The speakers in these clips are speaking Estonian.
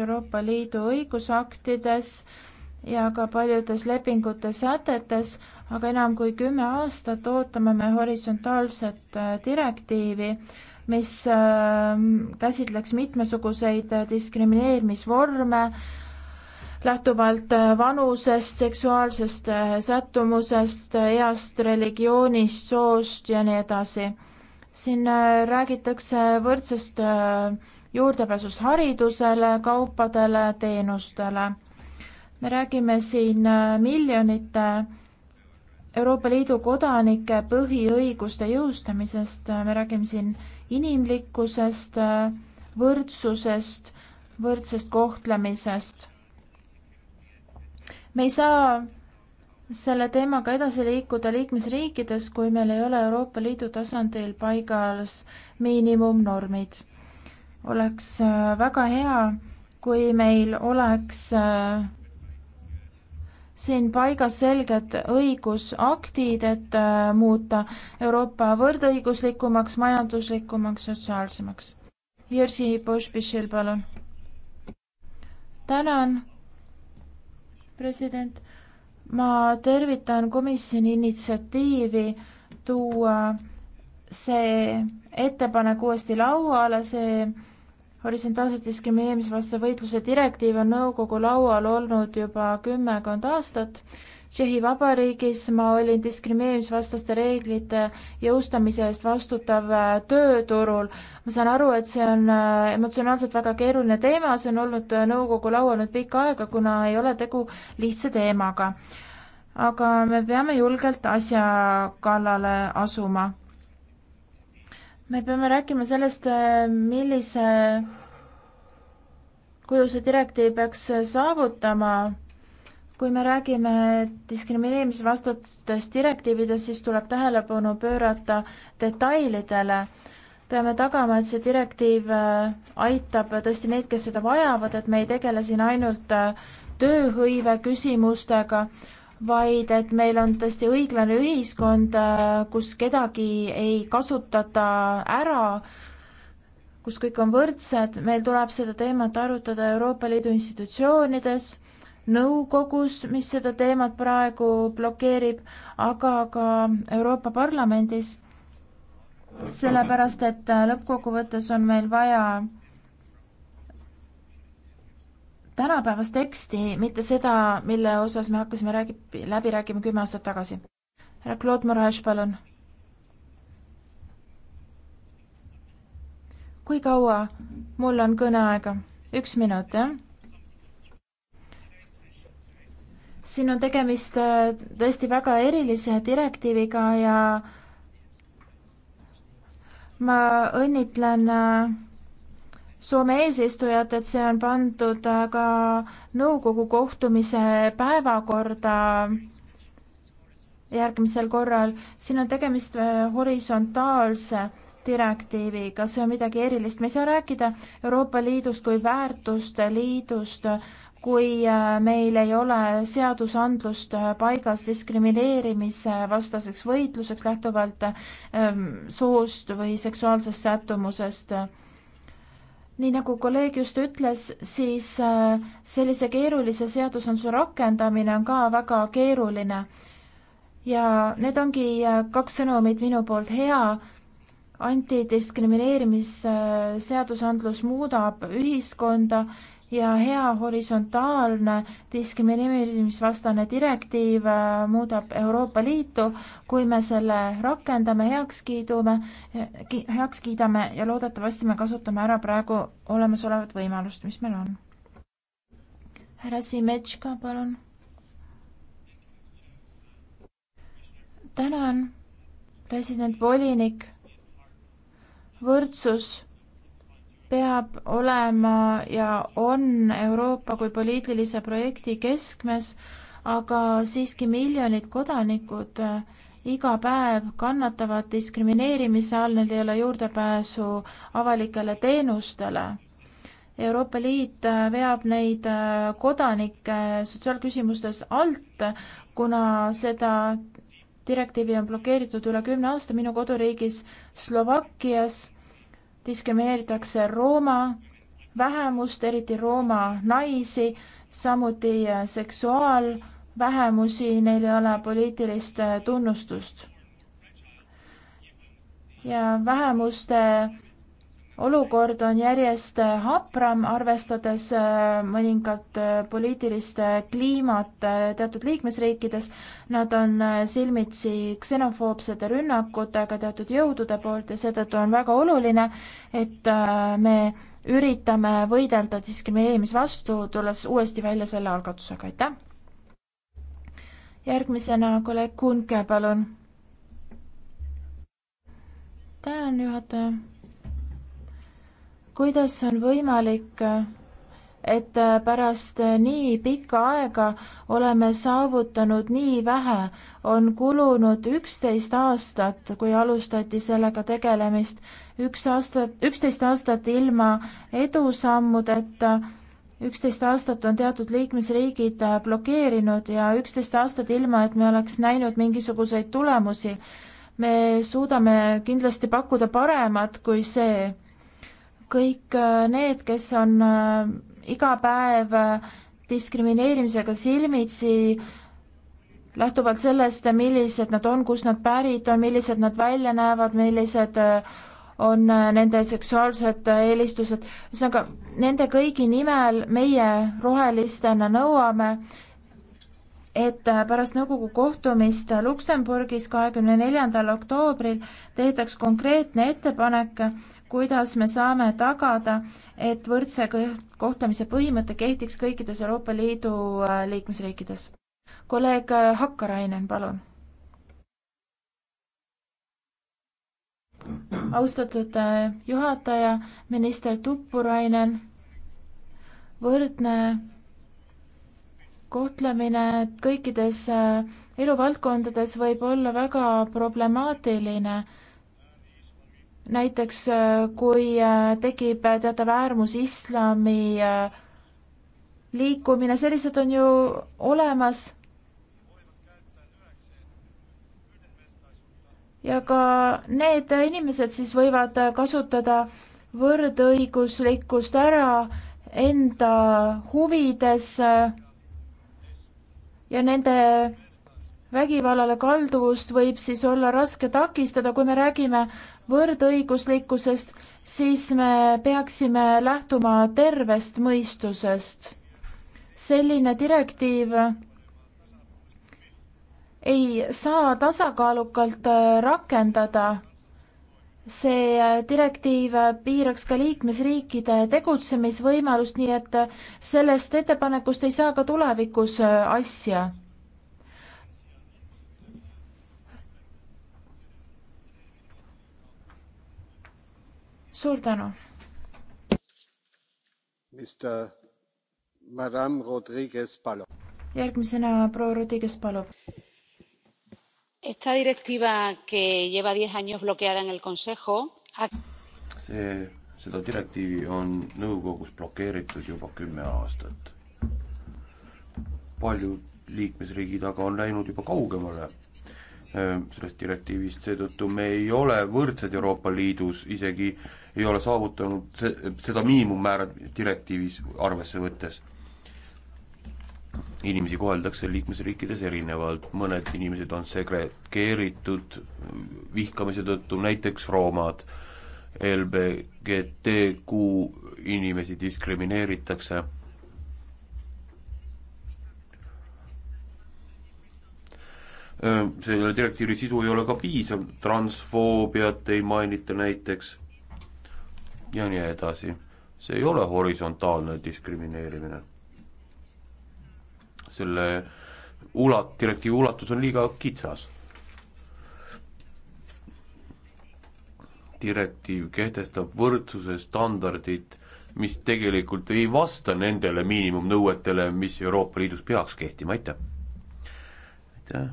Euroopa Liidu õigusaktides ja ka paljudes lepingute sätetes, aga enam kui kümme aastat ootame me horisontaalset äh, direktiivi, mis ähm, käsitleks mitmesuguseid äh, diskrimineerimisvorme, lähtuvalt äh, vanusest, seksuaalsest sättumusest, east, religioonist, soost ja nii edasi. siin räägitakse võrdsest juurdepääsus haridusele, kaupadele, teenustele. me räägime siin äh, miljonite Euroopa Liidu kodanike põhiõiguste jõustamisest, me räägime siin inimlikkusest, äh, võrdsusest, võrdsest kohtlemisest. me ei saa selle teemaga edasi liikuda liikmesriikides, kui meil ei ole Euroopa Liidu tasandil paigas miinimumnormid oleks äh, väga hea, kui meil oleks äh, siin paigas selged õigusaktid, et äh, muuta Euroopa võrdõiguslikumaks, majanduslikumaks, sotsiaalsemaks. Jerzy Pospišil, palun. tänan, president. ma tervitan komisjoni initsiatiivi tuua see ettepanek uuesti lauale, see horisontaalse diskrimineerimisvastase võitluse direktiiv on nõukogu laual olnud juba kümmekond aastat. Tšehhi Vabariigis ma olin diskrimineerimisvastaste reeglite jõustamise eest vastutav äh, tööturul. ma saan aru, et see on äh, emotsionaalselt väga keeruline teema, see on olnud äh, nõukogu laual nüüd pikka aega, kuna ei ole tegu lihtsa teemaga. aga me peame julgelt asja kallale asuma me peame rääkima sellest, äh, millise kuju see direktiiv peaks äh, saavutama. kui me räägime diskrimineerimisvastastest direktiividest, siis tuleb tähelepanu pöörata detailidele. peame tagama, et see direktiiv äh, aitab tõesti neid, kes seda vajavad, et me ei tegele siin ainult tööhõive küsimustega, vaid et meil on tõesti õiglane ühiskond, äh, kus kedagi ei kasutata ära, kus kõik on võrdsed, meil tuleb seda teemat arutada Euroopa Liidu institutsioonides, nõukogus, mis seda teemat praegu blokeerib, aga ka Euroopa Parlamendis, sellepärast et äh, lõppkokkuvõttes on meil vaja tänapäevast teksti, mitte seda, mille osas me hakkasime räägi-, läbi rääkima kümme aastat tagasi. härra Claude Moraes, palun. kui kaua mul on kõneaega? üks minut, jah? siin on tegemist äh, tõesti väga erilise direktiiviga ja ma õnnitlen äh, Soome eesistujat, et see on pandud ka nõukogu kohtumise päevakorda järgmisel korral. siin on tegemist äh, horisontaalse direktiiviga, see on midagi erilist, me ei saa rääkida Euroopa Liidust kui väärtuste liidust, kui äh, meil ei ole seadusandlust äh, paigas diskrimineerimise vastaseks võitluseks lähtuvalt ähm, soost või seksuaalsest sättumusest nii nagu kolleeg just ütles, siis äh, sellise keerulise seadusandluse rakendamine on ka väga keeruline. ja need ongi äh, kaks sõnumit minu poolt, hea antidiskrimineerimisseadusandlus äh, muudab ühiskonda ja hea horisontaalne diskrimineerimisvastane direktiiv äh, muudab Euroopa Liitu, kui me selle rakendame, heaks kiidume, heaks kiidame ja loodetavasti me kasutame ära praegu olemasolevat võimalust, mis meil on. härra Simetška, palun. tänan, president volinik. võrdsus peab olema ja on Euroopa kui poliitilise projekti keskmes, aga siiski miljonid kodanikud äh, iga päev kannatavad diskrimineerimise all, neil ei ole juurdepääsu avalikele teenustele. Euroopa Liit äh, veab neid äh, kodanikke sotsiaalküsimustes alt, kuna seda direktiivi on blokeeritud üle kümne aasta minu koduriigis Slovakkias diskrimineeritakse Rooma vähemust, eriti Rooma naisi, samuti äh, seksuaalvähemusi, neil ei ole poliitilist äh, tunnustust. ja vähemuste olukord on järjest hapram, arvestades äh, mõningat äh, poliitilist äh, kliimat teatud liikmesriikides. Nad on silmitsi ksenofoobsete rünnakutega teatud jõudude poolt ja seetõttu on väga oluline, et me üritame võidelda diskrimineerimise vastu, tulles uuesti välja selle algatusega, aitäh! järgmisena kolleeg Kunke, palun. tänan, juhataja kuidas on võimalik, et pärast nii pikka aega oleme saavutanud nii vähe, on kulunud üksteist aastat, kui alustati sellega tegelemist, üks aasta, üksteist aastat ilma edusammudeta, üksteist aastat on teatud liikmesriigid blokeerinud ja üksteist aastat ilma, et me oleks näinud mingisuguseid tulemusi. me suudame kindlasti pakkuda paremat kui see kõik äh, need, kes on äh, iga päev äh, diskrimineerimisega silmitsi, lähtuvalt sellest, millised nad on, kust nad pärit on, millised nad välja näevad, millised on nende seksuaalsed eelistused, ühesõnaga nende kõigi nimel meie rohelistena nõuame, et pärast nõukogu kohtumist Luksemburgis kahekümne neljandal oktoobril tehtaks konkreetne ettepanek kuidas me saame tagada, et võrdse kohtlemise põhimõte kehtiks kõikides Euroopa Liidu äh, liikmesriikides. kolleeg äh, Hakkarainen, palun. austatud äh, juhataja, minister Tuppurainen, võrdne kohtlemine kõikides eluvaldkondades võib olla väga problemaatiline näiteks äh, kui äh, tekib teatav äärmus islami äh, liikumine, sellised on ju olemas. ja ka need inimesed siis võivad kasutada võrdõiguslikkust ära enda huvides ja nende vägivallale kalduvust võib siis olla raske takistada, kui me räägime võrdõiguslikkusest, siis me peaksime lähtuma tervest mõistusest. selline direktiiv ei saa tasakaalukalt äh, rakendada. see äh, direktiiv piiraks ka liikmesriikide tegutsemisvõimalust, nii et äh, sellest ettepanekust ei saa ka tulevikus asja suur tänu. järgmisena proua Rodriguez Palov. Esta directiva que lleva diez años bloqueada en el Consejo. see, seda direktiivi on nõukogus blokeeritud juba kümme aastat. paljud liikmesriigid aga on läinud juba kaugemale ehm, sellest direktiivist, seetõttu me ei ole võrdsed Euroopa Liidus, isegi äh, ei ole saavutanud seda miinimummäära direktiivis arvesse võttes. inimesi koheldakse liikmesriikides erinevalt, mõned inimesed on segregeeritud vihkamise tõttu, näiteks roomad, LBGTQ inimesi diskrimineeritakse selle direktiivi sisu ei ole ka piisav, transfoobiat ei mainita näiteks ja nii edasi. see ei ole horisontaalne diskrimineerimine. selle ulat-, direktiivi ulatus on liiga kitsas. direktiiv kehtestab võrdsuse standardid, mis tegelikult ei vasta nendele miinimumnõuetele, mis Euroopa Liidus peaks kehtima, aitäh! aitäh,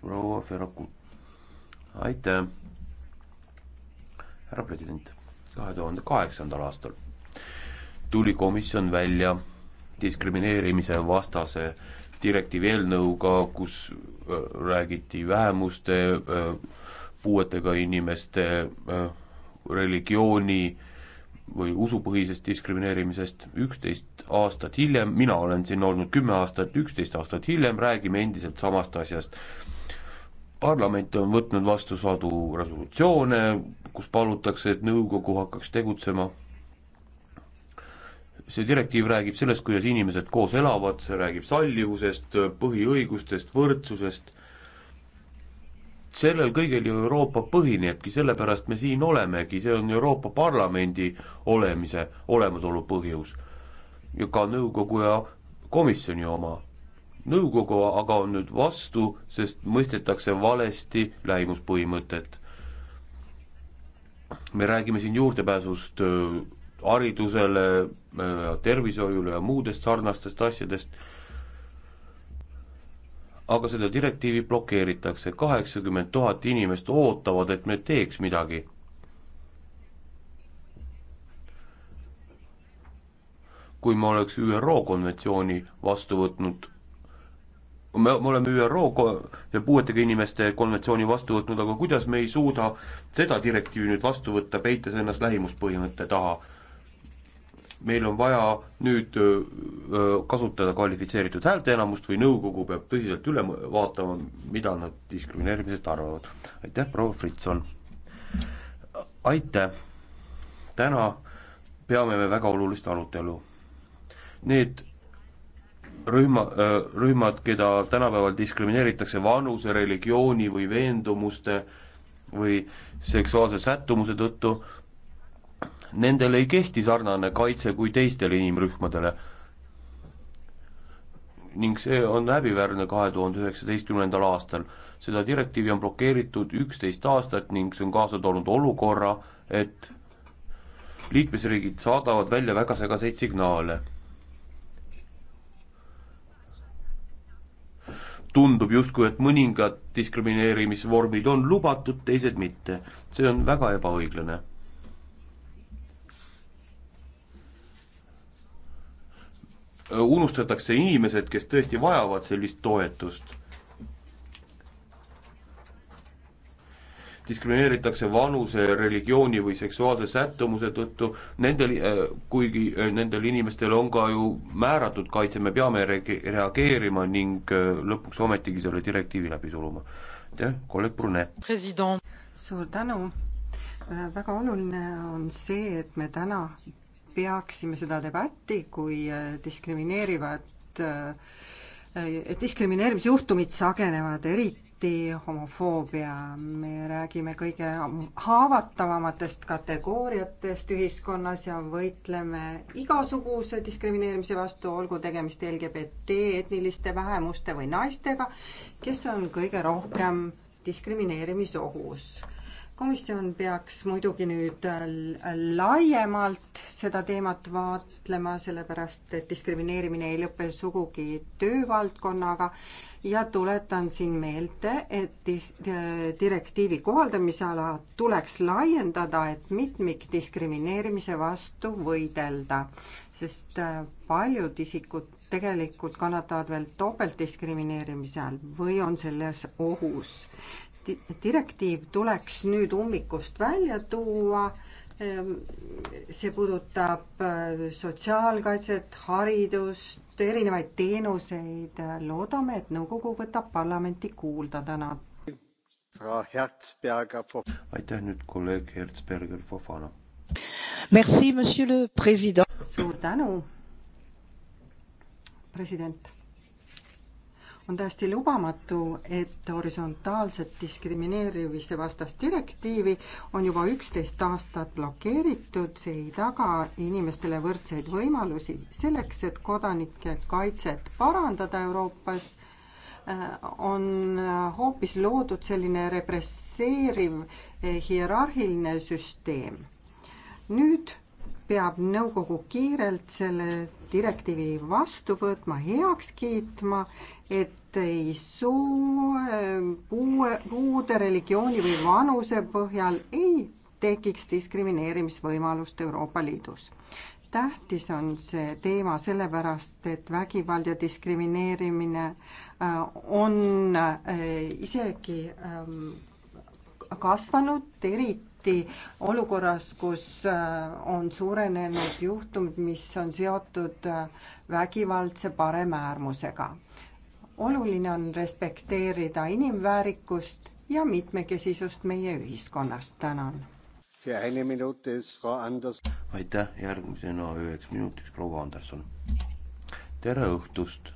proua Ferraku! aitäh, härra president! kahe tuhande kaheksandal aastal tuli komisjon välja diskrimineerimise vastase direktiivi eelnõuga, kus äh, räägiti vähemuste, äh, puuetega inimeste, äh, religiooni või usupõhisest diskrimineerimisest, üksteist aastat hiljem, mina olen siin olnud kümme aastat, üksteist aastat hiljem räägime endiselt samast asjast parlament on võtnud vastu sadu resolutsioone, kus palutakse, et nõukogu hakkaks tegutsema. see direktiiv räägib sellest, kuidas inimesed koos elavad, see räägib sallivusest, põhiõigustest, võrdsusest, sellel kõigel ju Euroopa põhinebki, sellepärast me siin olemegi, see on Euroopa Parlamendi olemise, olemasolu põhjus. ja ka nõukogu ja komisjoni oma nõukogu aga on nüüd vastu, sest mõistetakse valesti lähimuspõhimõtet. me räägime siin juurdepääsust haridusele, tervishoiule ja muudest sarnastest asjadest, aga seda direktiivi blokeeritakse, kaheksakümmend tuhat inimest ootavad, et me teeks midagi. kui ma oleks ÜRO konventsiooni vastu võtnud me, me oleme ÜRO ja puuetega inimeste konventsiooni vastu võtnud, aga kuidas me ei suuda seda direktiivi nüüd vastu võtta, peites ennast lähimuspõhimõtte taha? meil on vaja nüüd öö, kasutada kvalifitseeritud häälteenamust või nõukogu peab tõsiselt üle vaatama, mida nad diskrimineerimisest arvavad. aitäh, proua Fritson! aitäh! täna peame me väga olulist arutelu. Need rühma, äh, rühmad, keda tänapäeval diskrimineeritakse vanuse, religiooni või veendumuste või seksuaalse sättumuse tõttu, nendele ei kehti sarnane kaitse kui teistele inimrühmadele. ning see on häbiväärne kahe tuhande üheksateistkümnendal aastal. seda direktiivi on blokeeritud üksteist aastat ning see on kaasa toonud olukorra, et liikmesriigid saadavad välja väga segaseid signaale tundub justkui, et mõningad diskrimineerimisvormid on lubatud, teised mitte. see on väga ebaõiglane. unustatakse inimesed, kes tõesti vajavad sellist toetust diskrimineeritakse vanuse, religiooni või seksuaalse sättumuse tõttu, nendel, äh, kuigi äh, nendel inimestel on ka ju määratud kaitse, me peame reageerima ning äh, lõpuks ometigi selle direktiivi läbi suruma. aitäh, kolleeg Brune! suur tänu! väga oluline on see, et me täna peaksime seda debatti kui diskrimineerivat diskrimineerimisjuhtumid sagenevad eriti eriti homofoobia. me räägime kõige haavatavamatest kategooriatest ühiskonnas ja võitleme igasuguse diskrimineerimise vastu, olgu tegemist LGBT, etniliste vähemuste või naistega, kes on kõige rohkem diskrimineerimisohus komisjon peaks muidugi nüüd äh, laiemalt seda teemat vaatlema, sellepärast et diskrimineerimine ei lõpe sugugi töövaldkonnaga ja tuletan siin meelde, et äh, direktiivi kohaldamise ala tuleks laiendada, et mitmikdiskrimineerimise vastu võidelda, sest äh, paljud isikud tegelikult kannatavad veel topeltdiskrimineerimise all või on selles ohus direktiiv tuleks nüüd ummikust välja tuua. Ehm, see puudutab äh, sotsiaalkaitset, haridust, erinevaid teenuseid. loodame, et nõukogu võtab parlamenti kuulda täna. aitäh nüüd kolleeg Herzberger Fofana. Merci, monsieur le president. suur tänu, president on täiesti lubamatu, et horisontaalset diskrimineerimise vastast direktiivi on juba üksteist aastat blokeeritud, see ei taga inimestele võrdseid võimalusi. selleks, et kodanike kaitset parandada Euroopas, äh, on hoopis loodud selline represseeriv eh, hierarhiline süsteem. nüüd peab nõukogu kiirelt selle direktiivi vastu võtma, heaks kiitma, et ei soo, puue, puude, religiooni või vanuse põhjal ei tekiks diskrimineerimisvõimalust Euroopa Liidus. tähtis on see teema sellepärast, et vägivald ja diskrimineerimine äh, on äh, isegi ähm, kasvanud, eriti eriti olukorras, kus äh, on suurenenud juhtumid, mis on seotud äh, vägivaldse paremäärmusega. oluline on respekteerida inimväärikust ja mitmekesisust meie ühiskonnas, tänan. aitäh, järgmisena üheks minutiks proua Anderson. tere õhtust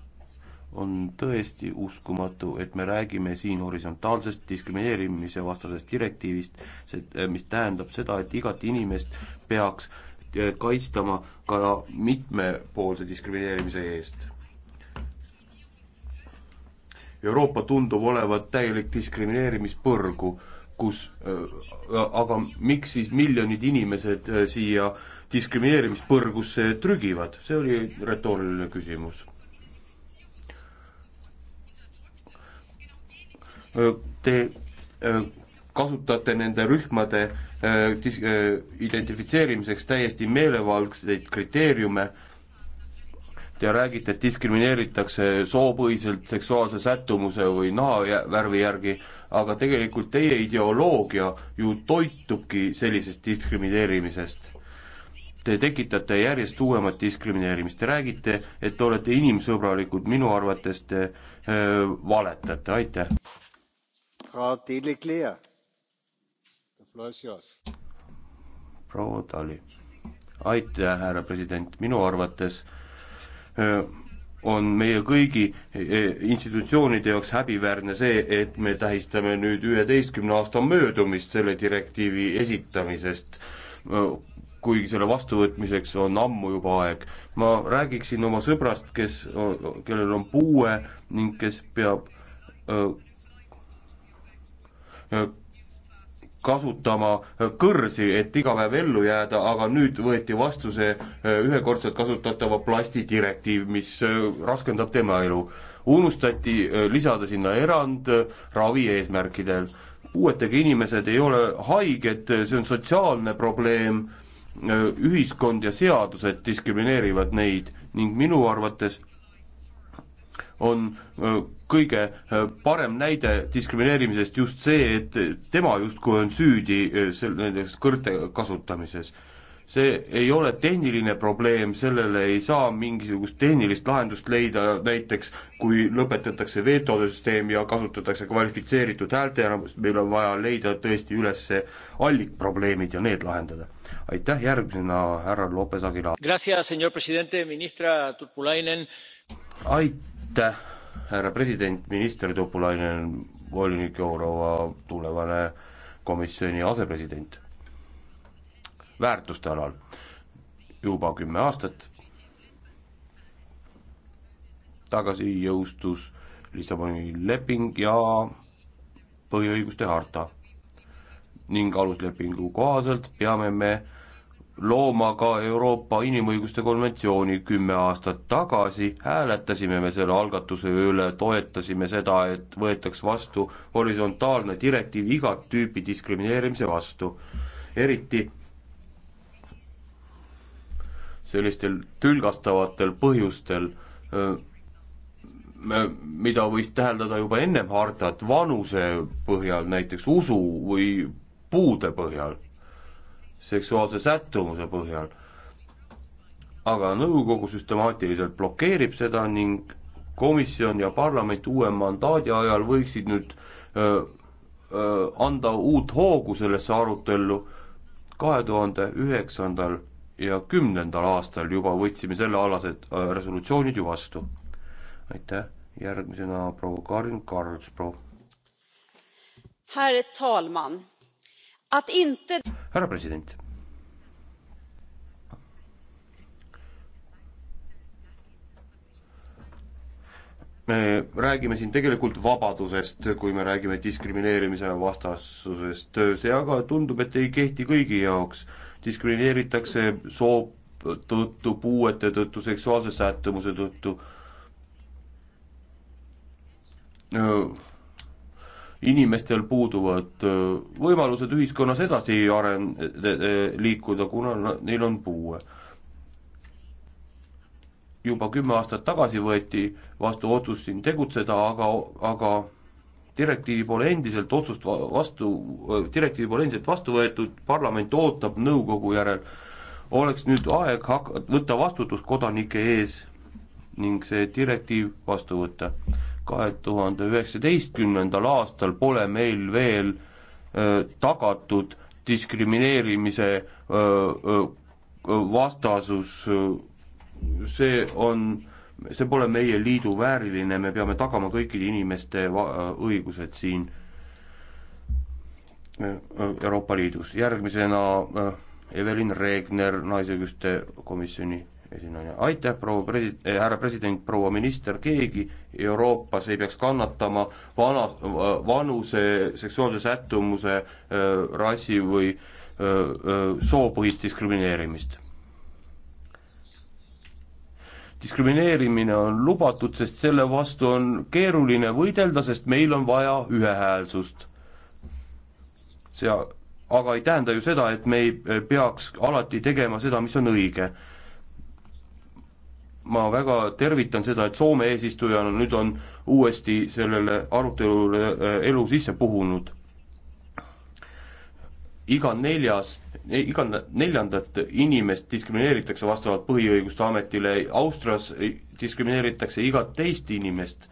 on tõesti uskumatu, et me räägime siin horisontaalsest diskrimineerimise vastasest direktiivist, see, mis tähendab seda, et igat inimest peaks eh, kaitstama ka mitmepoolse diskrimineerimise eest. Euroopa tundub olevat täielik diskrimineerimispõrgu, kus eh, aga miks siis miljonid inimesed eh, siia diskrimineerimispõrgusse trügivad, see oli retooriline küsimus te kasutate nende rühmade identifitseerimiseks täiesti meelevaldseid kriteeriume. Te räägite, et diskrimineeritakse soopõhiselt seksuaalse sättumuse või nahavärvi järgi, aga tegelikult teie ideoloogia ju toitubki sellisest diskrimineerimisest. Te tekitate järjest uuemat diskrimineerimist, te räägite, et te olete inimsõbralikud, minu arvates te öö, valetate, aitäh proua Tali. aitäh, härra president, minu arvates äh, on meie kõigi äh, institutsioonide jaoks häbiväärne see, et me tähistame nüüd üheteistkümne aasta möödumist selle direktiivi esitamisest, äh, kuigi selle vastuvõtmiseks on ammu juba aeg. ma räägiksin oma sõbrast, kes, kellel on puue ning kes peab kasutama kõrsi, et iga päev ellu jääda, aga nüüd võeti vastu see äh, ühekordselt kasutatava plasti direktiiv, mis äh, raskendab tema elu. unustati äh, lisada sinna erand ravi eesmärkidel. puuetega inimesed ei ole haiged, see on sotsiaalne probleem, ühiskond ja seadused diskrimineerivad neid ning minu arvates on äh, kõige äh, parem näide diskrimineerimisest just see, et tema justkui on süüdi äh, sel-, nendes kõrte kasutamises. see ei ole tehniline probleem, sellele ei saa mingisugust tehnilist lahendust leida, näiteks kui lõpetatakse vetode süsteem ja kasutatakse kvalifitseeritud häälteenamust, meil on vaja leida tõesti üles allikprobleemid ja need lahendada. aitäh, järgmisena härra Lopez Aguilar. aitäh, aitäh, härra president, minister Topolainen, volinik Jourova, tulevane komisjoni asepresident. väärtuste alal juba kümme aastat tagasi jõustus Lissaboni leping ja põhiõiguste harta ning aluslepingu kohaselt peame me looma ka Euroopa Inimõiguste konventsiooni kümme aastat tagasi, hääletasime me selle algatuse üle, toetasime seda, et võetaks vastu horisontaalne direktiiv igat tüüpi diskrimineerimise vastu, eriti sellistel tülgastavatel põhjustel, mida võis täheldada juba ennem hartat, vanuse põhjal, näiteks usu või puude põhjal seksuaalse sättumuse põhjal. aga nõukogu süstemaatiliselt blokeerib seda ning komisjon ja parlament uue mandaadi ajal võiksid nüüd öö, öö, anda uut hoogu sellesse arutellu. kahe tuhande üheksandal ja kümnendal aastal juba võtsime sellealased resolutsioonid ju vastu. aitäh, järgmisena proua Karin Karlsbro. Herr talman! inte... härra president. me räägime siin tegelikult vabadusest, kui me räägime diskrimineerimise vastasusest, see aga tundub, et ei kehti kõigi jaoks. diskrimineeritakse soo tõttu, puuete tõttu, seksuaalse sättumuse tõttu no inimestel puuduvad võimalused ühiskonnas edasi aren-, e-, e-, liikuda, kuna neil on puue. juba kümme aastat tagasi võeti vastu otsus siin tegutseda, aga, aga direktiivi pole endiselt otsust vastu, direktiivi pole endiselt vastu võetud, parlament ootab nõukogu järel, oleks nüüd aeg hak-, võtta vastutus kodanike ees ning see direktiiv vastu võtta kahe tuhande üheksateistkümnendal aastal pole meil veel öö, tagatud diskrimineerimise öö, öö, vastasus, see on, see pole meie liidu vääriline, me peame tagama kõikide inimeste va-, õigused siin Euroopa Liidus. järgmisena Evelin Regner, Naisõiguste komisjoni esinaine, aitäh, proua presi-, eh, härra president, proua minister, keegi Euroopas ei peaks kannatama vana, vanuse, seksuaalse sättumuse, eh, rassi või eh, soopõhist diskrimineerimist. diskrimineerimine on lubatud, sest selle vastu on keeruline võidelda, sest meil on vaja ühehäälsust. see aga ei tähenda ju seda, et me ei peaks alati tegema seda, mis on õige ma väga tervitan seda, et Soome eesistujana nüüd on uuesti sellele arutelule äh, elu sisse puhunud. iga neljas, iga neljandat inimest diskrimineeritakse vastavalt Põhiõiguste Ametile, Austrias diskrimineeritakse igat teist inimest.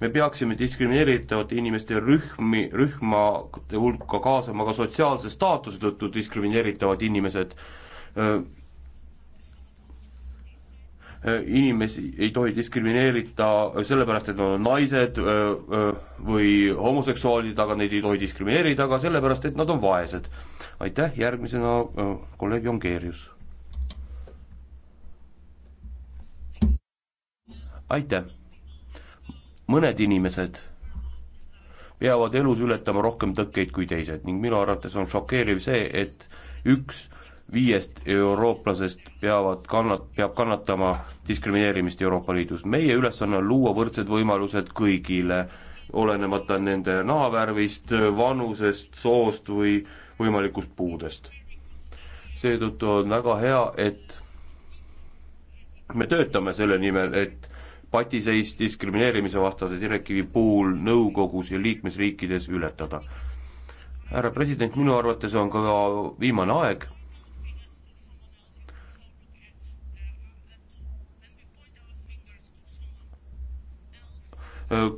me peaksime diskrimineeritavate inimeste rühmi, rühmade hulka kaasama ka sotsiaalse staatuse tõttu diskrimineeritavad inimesed äh, Äh, inimesi ei tohi diskrimineerida äh, sellepärast, et nad on naised äh, või homoseksuaalid, aga neid ei tohi diskrimineerida ka sellepärast, et nad on vaesed. aitäh, järgmisena kolleeg Jongeerius. aitäh. mõned inimesed peavad elus ületama rohkem tõkkeid kui teised ning minu arvates on šokeeriv see, et üks viiest eurooplasest peavad kannat-, peab kannatama diskrimineerimist Euroopa Liidus. meie ülesanne on luua võrdsed võimalused kõigile, olenemata nende nahavärvist, vanusest, soost või võimalikust puudest. seetõttu on väga hea, et me töötame selle nimel, et patiseis diskrimineerimise vastase direktiivi puhul nõukogus ja liikmesriikides ületada. härra president, minu arvates on ka viimane aeg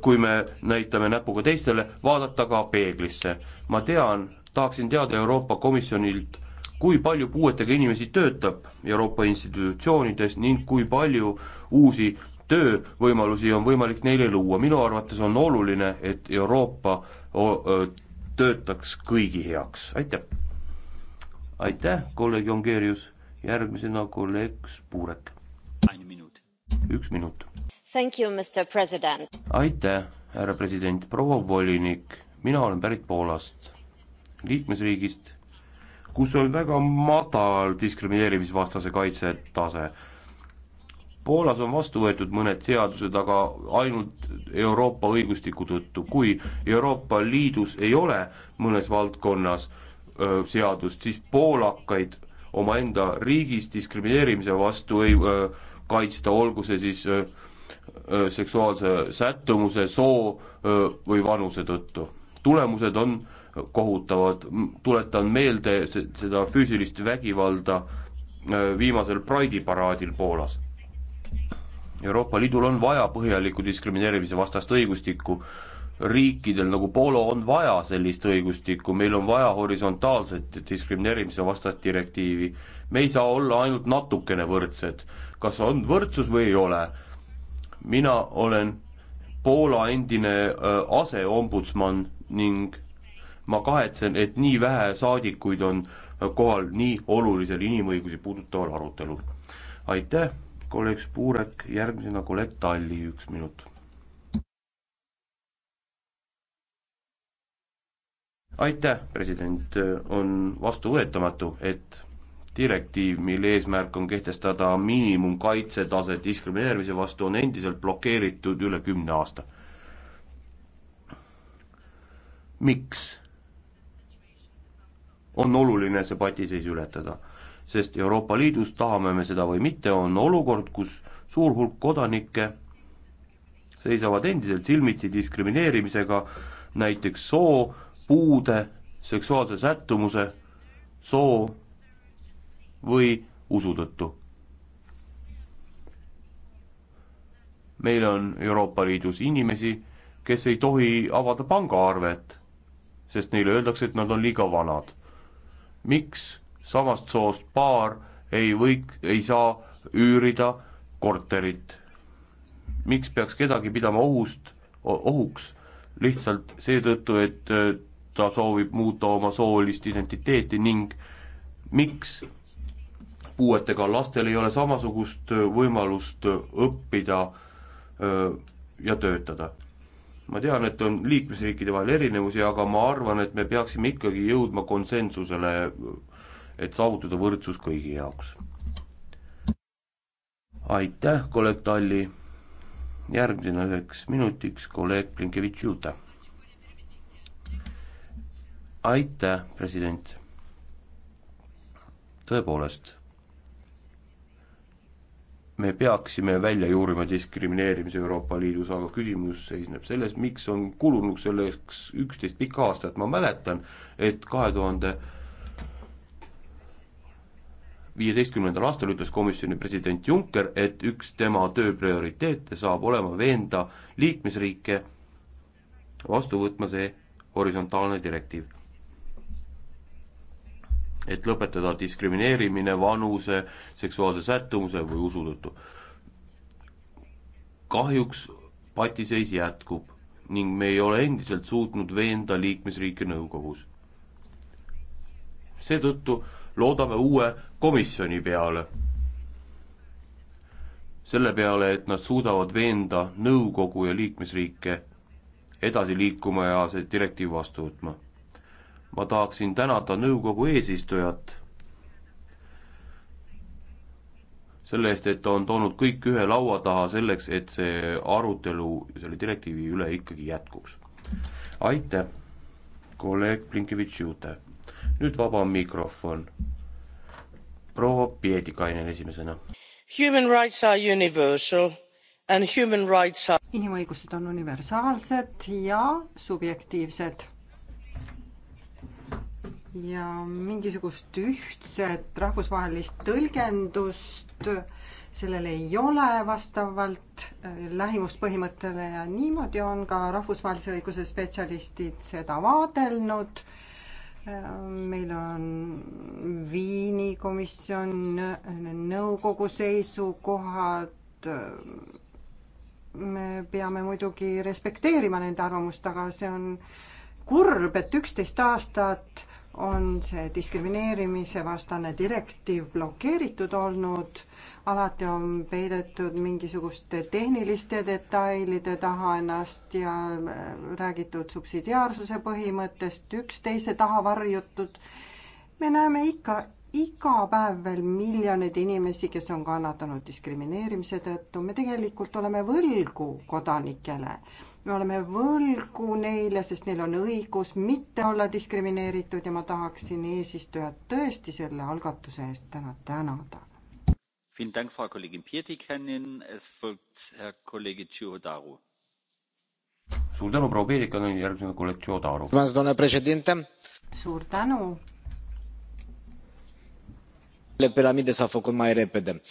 kui me näitame näpuga teistele, vaadata ka peeglisse. ma tean, tahaksin teada Euroopa Komisjonilt, kui palju puuetega inimesi töötab Euroopa institutsioonides ning kui palju uusi töövõimalusi on võimalik neile luua, minu arvates on oluline, et Euroopa töötaks kõigi heaks, aitäh! aitäh, kolleeg Jongeerius, järgmisena kolleeg Spurek. üks minut You, aitäh, härra president, proua volinik, mina olen pärit Poolast, liikmesriigist, kus on väga madal diskrimineerimisvastase kaitse tase. Poolas on vastu võetud mõned seadused, aga ainult Euroopa õigustiku tõttu, kui Euroopa Liidus ei ole mõnes valdkonnas öö, seadust, siis poolakaid omaenda riigis diskrimineerimise vastu ei öö, kaitsta, olgu see siis öö, seksuaalse sättumuse, soo või vanuse tõttu. tulemused on kohutavad, tuletan meelde seda füüsilist vägivalda viimasel Pridei paraadil Poolas. Euroopa Liidul on vaja põhjalikku diskrimineerimise vastast õigustikku, riikidel nagu Poola on vaja sellist õigustikku, meil on vaja horisontaalset diskrimineerimise vastast direktiivi, me ei saa olla ainult natukene võrdsed, kas on võrdsus või ei ole mina olen Poola endine aseombudsman ning ma kahetsen, et nii vähe saadikuid on kohal nii olulisel inimõigusi puudutaval arutelul. aitäh, kolleeg Spurek, järgmisena kolleeg Talli, üks minut. aitäh, president, on vastuvõetamatu, et direktiiv, mille eesmärk on kehtestada miinimumkaitsetase diskrimineerimise vastu, on endiselt blokeeritud üle kümne aasta. miks on oluline see patiseis ületada? sest Euroopa Liidus, tahame me seda või mitte, on olukord, kus suur hulk kodanikke seisavad endiselt silmitsi diskrimineerimisega, näiteks soo, puude, seksuaalse sättumuse, soo või usu tõttu. meil on Euroopa Liidus inimesi, kes ei tohi avada pangaarvet, sest neile öeldakse, et nad on liiga vanad. miks samast soost paar ei või, ei saa üürida korterit? miks peaks kedagi pidama ohust, ohuks lihtsalt seetõttu, et äh, ta soovib muuta oma soolist identiteeti ning miks puuetega lastel ei ole samasugust äh, võimalust äh, õppida äh, ja töötada. ma tean, et on liikmesriikide vahel erinevusi, aga ma arvan, et me peaksime ikkagi jõudma konsensusele, et saavutada võrdsus kõigi jaoks. aitäh, kolleeg Talli. järgmine üheks minutiks kolleeg Blinkevitš-Juta. aitäh, president. tõepoolest me peaksime välja juurima diskrimineerimise Euroopa Liidus, aga küsimus seisneb selles, miks on kulunud selleks üksteist pikka aastat, ma mäletan, et kahe tuhande viieteistkümnendal aastal ütles komisjoni president Juncker, et üks tema töö prioriteete saab olema veenda liikmesriike vastu võtma see horisontaalne direktiiv et lõpetada diskrimineerimine vanuse, seksuaalse sättumuse või usu tõttu. kahjuks patiseis jätkub ning me ei ole endiselt suutnud veenda liikmesriike nõukogus. seetõttu loodame uue komisjoni peale. selle peale, et nad suudavad veenda nõukogu ja liikmesriike edasi liikuma ja see direktiiv vastu võtma ma tahaksin tänada nõukogu eesistujat selle eest, et ta on toonud kõik ühe laua taha selleks, et see arutelu selle direktiivi üle ikkagi jätkuks. aitäh, kolleeg Blinkevitš-Jute. nüüd vaba mikrofon. proua Pietikainen esimesena. Human rights are universal and human rights are inimõigused on universaalsed ja subjektiivsed ja mingisugust ühtset rahvusvahelist tõlgendust sellel ei ole vastavalt äh, lähimuspõhimõttele ja niimoodi on ka rahvusvahelise õiguse spetsialistid seda vaadelnud. Äh, meil on Viini komisjon, nõukogu seisukohad. Äh, me peame muidugi respekteerima nende arvamust, aga see on kurb, et üksteist aastat on see diskrimineerimise vastane direktiiv blokeeritud olnud, alati on peidetud mingisuguste tehniliste detailide taha ennast ja äh, räägitud subsidiaarsuse põhimõttest, üksteise taha varjutud. me näeme ikka, iga päev veel miljoneid inimesi, kes on kannatanud diskrimineerimise tõttu, me tegelikult oleme võlgu kodanikele me oleme võlgu neile, sest neil on õigus mitte olla diskrimineeritud ja ma tahaksin eesistujat tõesti selle algatuse eest täna tänada. suur tänu, proua Peelikan, järgmisena kolleeg Tšiodaru. suur tänu. Pe la mine s-a făcut mai repede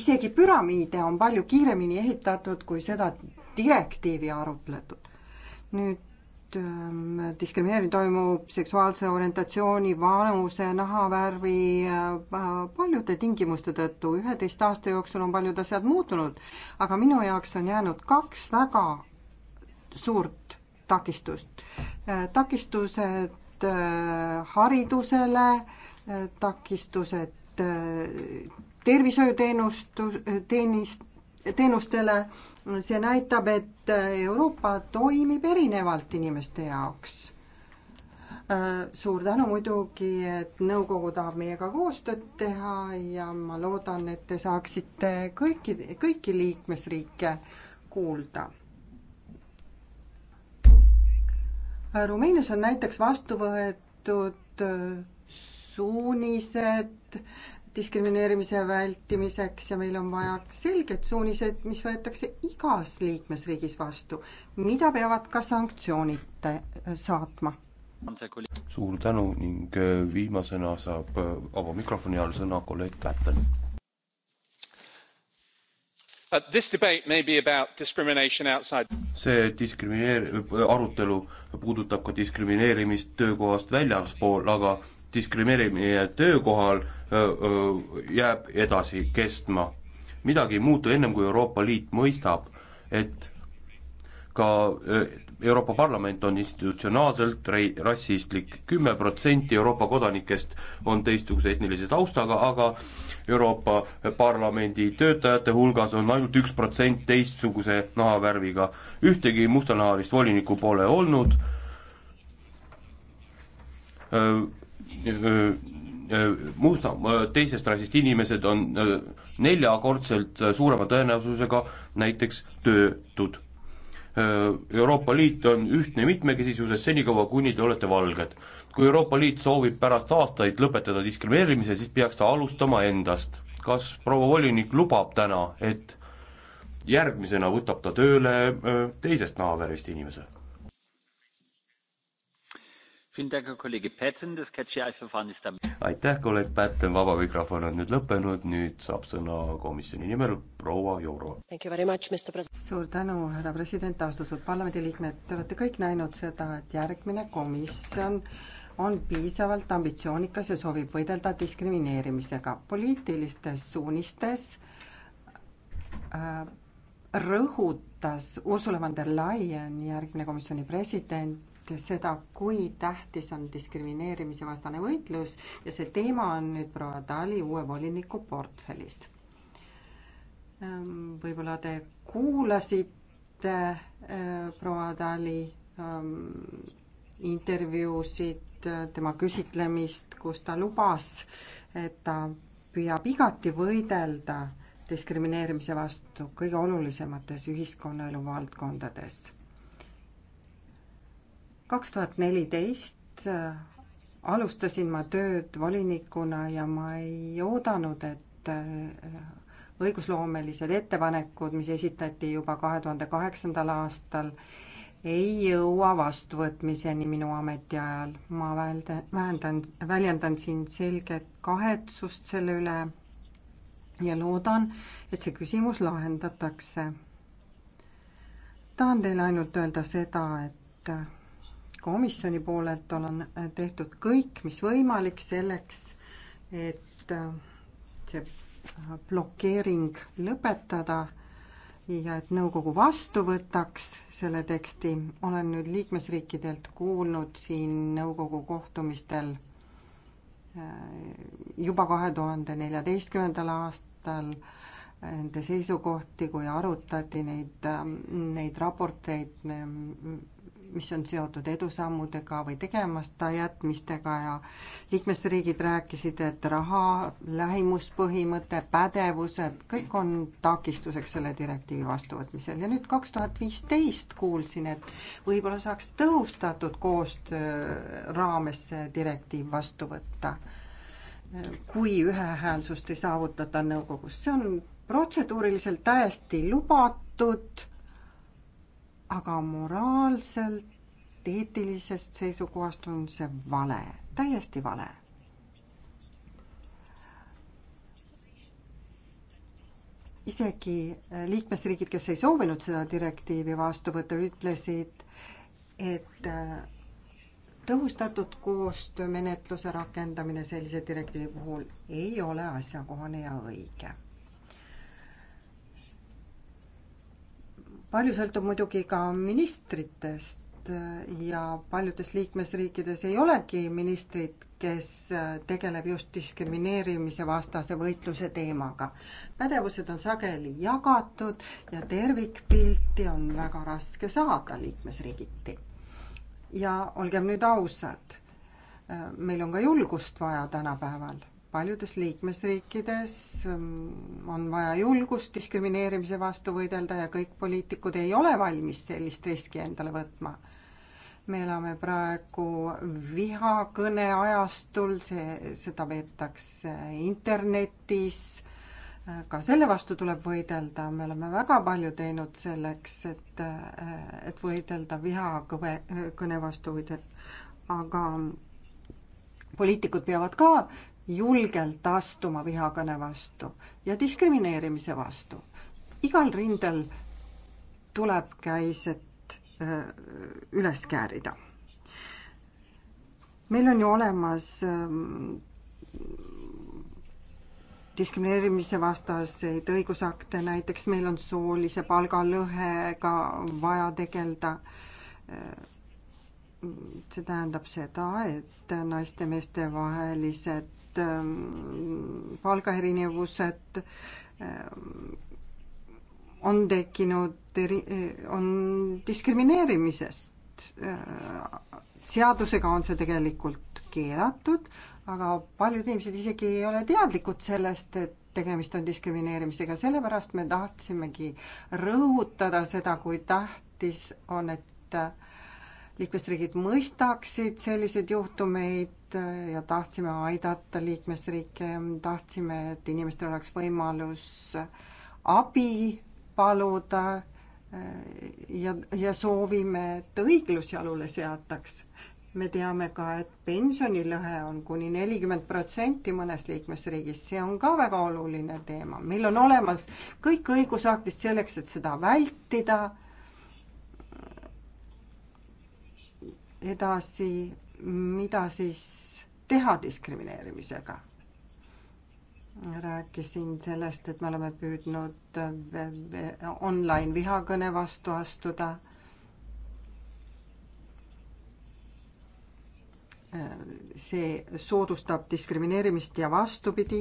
isegi püramiide on palju kiiremini ehitatud, kui seda direktiivi arutletud. nüüd ähm, diskrimineerimine toimub seksuaalse orientatsiooni, vanuse, nahavärvi äh,, paljude tingimuste tõttu, üheteist aasta jooksul on paljud asjad muutunud, aga minu jaoks on jäänud kaks väga suurt takistust äh,. takistused äh, haridusele äh,, takistused äh, tervishoiuteenust, teenist, teenustele. see näitab, et Euroopa toimib erinevalt inimeste jaoks. suur tänu muidugi, et nõukogu tahab meiega koostööd teha ja ma loodan, et te saaksite kõiki, kõiki liikmesriike kuulda Rumeenias on näiteks vastu võetud suunised diskrimineerimise vältimiseks ja meil on vaja selged suunised, mis võetakse igas liikmesriigis vastu, mida peavad ka sanktsioonid äh, saatma. suur tänu ning äh, viimasena saab äh, vaba mikrofoni all sõna kolleeg Pätten. Uh, see diskrimineer-, arutelu puudutab ka diskrimineerimist töökohast väljaspool, aga diskrimineerimine töökohal jääb edasi kestma. midagi ei muutu ennem, kui Euroopa Liit mõistab, et ka Euroopa Parlament on institutsionaalselt rei-, rassistlik, kümme protsenti Euroopa kodanikest on teistsuguse etnilise taustaga, aga Euroopa Parlamendi töötajate hulgas on ainult üks protsent teistsuguse nahavärviga. ühtegi mustanahalist volinikku pole olnud, Äh, äh, musta, äh, teisest rassist inimesed on neljakordselt suurema tõenäosusega näiteks töötud. Euroopa Liit on ühtne mitmekesisuses senikaua, kuni te olete valged. kui Euroopa Liit soovib pärast aastaid lõpetada diskrimineerimise, siis peaks ta alustama endast. kas proua volinik lubab täna, et järgmisena võtab ta tööle teisest naaberist inimese? aitäh, kolleeg Patten, vaba mikrofon on nüüd lõppenud, nüüd saab sõna komisjoni nimel proua Jourova. suur tänu, härra president, austatud parlamendiliikmed, te olete kõik näinud seda, et järgmine komisjon on piisavalt ambitsioonikas ja soovib võidelda diskrimineerimisega. poliitilistes suunistes äh, rõhutas Ursula von der Leyen, järgmine komisjoni president, seda, kui tähtis on diskrimineerimise vastane võitlus ja see teema on nüüd proua Dali uue voliniku portfellis. Ehm, võib-olla te kuulasite ehm, proua Dali ehm, intervjuusid, tema küsitlemist, kus ta lubas, et ta püüab igati võidelda diskrimineerimise vastu kõige olulisemates ühiskonnaelu valdkondades kaks tuhat neliteist äh, alustasin ma tööd volinikuna ja ma ei oodanud, et äh, õigusloomelised ettepanekud, mis esitati juba kahe tuhande kaheksandal aastal, ei jõua vastuvõtmiseni minu ametiajal. ma välda-, vähendan, väljendan siin selget kahetsust selle üle ja loodan, et see küsimus lahendatakse. tahan teile ainult öelda seda, et komisjoni poolelt olen äh, tehtud kõik, mis võimalik selleks, et äh, see äh, blokeering lõpetada ja et nõukogu vastu võtaks selle teksti. olen nüüd liikmesriikidelt kuulnud siin nõukogu kohtumistel juba kahe tuhande neljateistkümnendal aastal nende seisukohti, kui arutati neid, neid raporteid, mis on seotud edusammudega või tegemata jätmistega ja liikmesriigid rääkisid, et raha, lähimuspõhimõte, pädevused, kõik on takistuseks selle direktiivi vastuvõtmisel ja nüüd kaks tuhat viisteist kuulsin, et võib-olla saaks tõhustatud koostöö raames see direktiiv vastu võtta, kui ühehäälsust ei saavutata nõukogus, see on protseduuriliselt täiesti lubatud aga moraalselt, eetilisest seisukohast on see vale, täiesti vale. isegi liikmesriigid, kes ei soovinud seda direktiivi vastu võtta, ütlesid, et äh, tõhustatud koostöömenetluse rakendamine sellise direktiivi puhul ei ole asjakohane ja õige palju sõltub muidugi ka ministritest äh, ja paljudes liikmesriikides ei olegi ministrit, kes äh, tegeleb just diskrimineerimise vastase võitluse teemaga. pädevused on sageli jagatud ja tervikpilti on väga raske saada liikmesriigiti. ja olgem nüüd ausad, äh, meil on ka julgust vaja tänapäeval paljudes liikmesriikides ähm, on vaja julgust diskrimineerimise vastu võidelda ja kõik poliitikud ei ole valmis sellist riski endale võtma. me elame praegu vihakõne ajastul, see, seda veetakse internetis, äh, ka selle vastu tuleb võidelda, me oleme väga palju teinud selleks, et, äh, et võidelda vihakõve, äh, kõne vastu, aga poliitikud peavad ka julgelt astuma vihakõne vastu ja diskrimineerimise vastu. igal rindel tuleb käised äh, üles käärida. meil on ju olemas ähm, diskrimineerimise vastaseid õigusakte, näiteks meil on soolise palgalõhega vaja tegeleda. Äh, see tähendab seda, et naiste-meeste vahelised Ähm, palgaerinevused ähm, on tekkinud, on diskrimineerimisest. Äh, seadusega on see tegelikult keelatud, aga paljud inimesed isegi ei ole teadlikud sellest, et tegemist on diskrimineerimisega, sellepärast me tahtsimegi rõhutada seda, kui tähtis on, et liikmesriigid mõistaksid selliseid juhtumeid äh, ja tahtsime aidata liikmesriike, tahtsime, et inimestel oleks võimalus äh, abi paluda äh, ja, ja soovime, et õiglus jalule seataks. me teame ka, et pensionilõhe on kuni nelikümmend protsenti mõnes liikmesriigis, see on ka väga oluline teema. meil on olemas kõik õigusaktid selleks, et seda vältida edasi, mida siis teha diskrimineerimisega. rääkisin sellest, et me oleme püüdnud online vihakõne vastu astuda. see soodustab diskrimineerimist ja vastupidi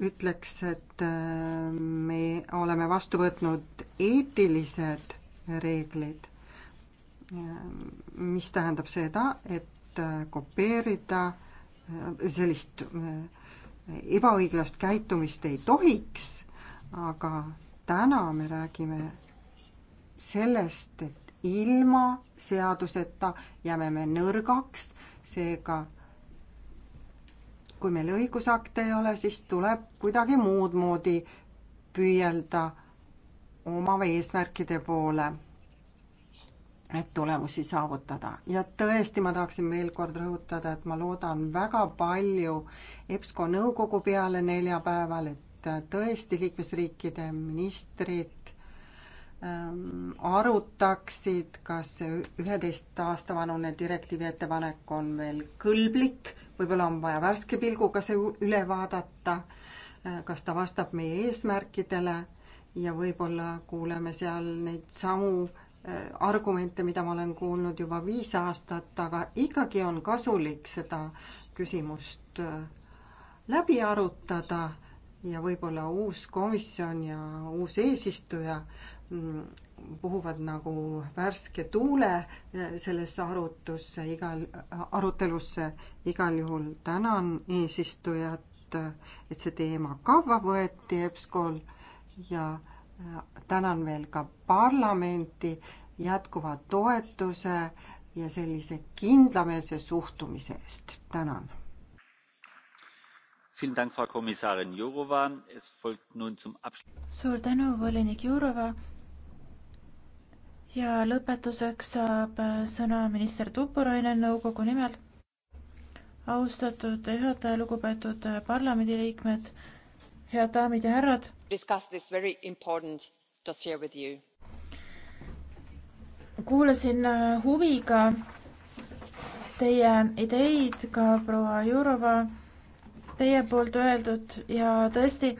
ütleks, et äh, me oleme vastu võtnud eetilised reeglid Ehm, mis tähendab seda, et äh, kopeerida äh, sellist äh, ebaõiglast käitumist ei tohiks, aga täna me räägime sellest, et ilma seaduseta jääme me nõrgaks, seega kui meil õigusakte ei ole, siis tuleb kuidagi muud moodi püüelda oma eesmärkide poole et tulemusi saavutada ja tõesti, ma tahaksin veel kord rõhutada, et ma loodan väga palju EBSCO nõukogu peale neljapäeval, et tõesti liikmesriikide ministrid ähm, arutaksid, kas see üheteist aasta vanune direktiivi ettepanek on veel kõlblik, võib-olla on vaja värske pilguga see üle vaadata, äh, kas ta vastab meie eesmärkidele ja võib-olla kuuleme seal neid samu Äh, argumente, mida ma olen kuulnud juba viis aastat, aga ikkagi on kasulik seda küsimust äh, läbi arutada ja võib-olla uus komisjon ja uus eesistuja mm, puhuvad nagu värske tuule äh, sellesse arutusse, igal, arutelusse. igal juhul tänan eesistujat, et see teema kavva võeti EBSCO-l ja tänan veel ka parlamenti jätkuva toetuse ja sellise kindlameelse suhtumise eest, tänan. suur tänu, volinik Jurova. ja lõpetuseks saab sõna minister Tuppurainen nõukogu nimel. austatud juhataja, lugupeetud parlamendiliikmed head daamid ja härrad. kuulasin äh, huviga teie ideid, ka proua Jurova teie poolt öeldud ja tõesti